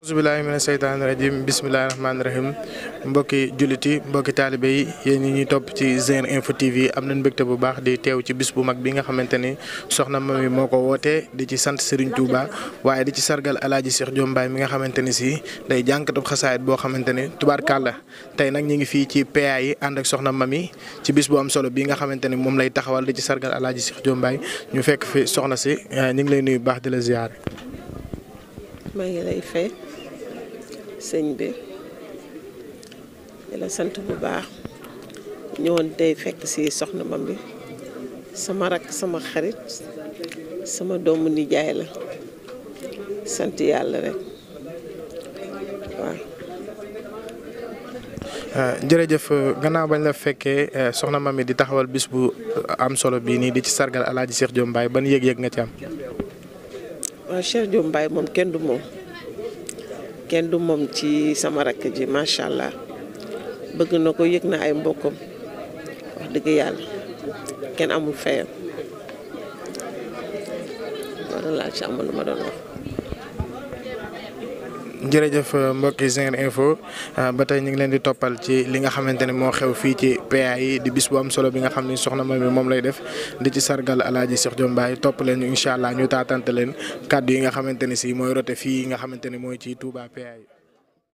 asbilahi mina seytaani rajim bisimilahi rahmaani rahim mbokki jullit yi mbokki taalibe yi yéen ñi ñuy topp ci Zen Info TV am nañ mbégte bu baax di teew ci bis bu mag bi nga xamante ni soxna Mamy moo ko wootee di ci sant Serigne Touba waaye di ci sargal alaaji Cheikh Diom Baye mi nga xamante ni si day jànkatu xasaayit boo xamante tubaar tubaarkàlla tey nag ñu ngi fii ci PA yi ànd ak soxna Mamy ci bis bu am solo bi nga xamante ni moom lay taxawal di ci sargal alaaji Cheikh Diom Baye ñu fekk fi soxna si ñu ngi lay nuyu baax di la ziar. maa lay fay sëñ bi di la sant bu baax ñëwoon tey fekk si soxna mam bi sama rakk sama xarit sama doomu nijaay la sant yàlla rek waaw. Ah, jërëjëf gannaaw bañ la fekkee eh, soxna mami di taxawal bis bu am solo bii nii di ci sargal Alaaji Cheikh Jom Baay ban yëg-yëg nga ci am. waaw Cheikh Diop Mbaye moom kenn du moom kenn du moom ci sama rakk ji macha allah bëgg na ko yëg na ay mbokkam wax dëgg yàlla kenn amul fayam loolu laa ci amoon lu ma doon wax. jërëjëf euh, mbokki Zinguer Info euh, ba tey ñu ngi leen di toppal ci li nga xamante ne moo xew fii ci PA yi di bis bu am solo bi nga xam ni soxna Mamy moom lay def di ci sargal alaaji Cheikh Diom topp leen incha allah ñu taatante leen kàddu yi nga xamante ne si mooy rote fii nga xamante ne mooy ci Touba PA yi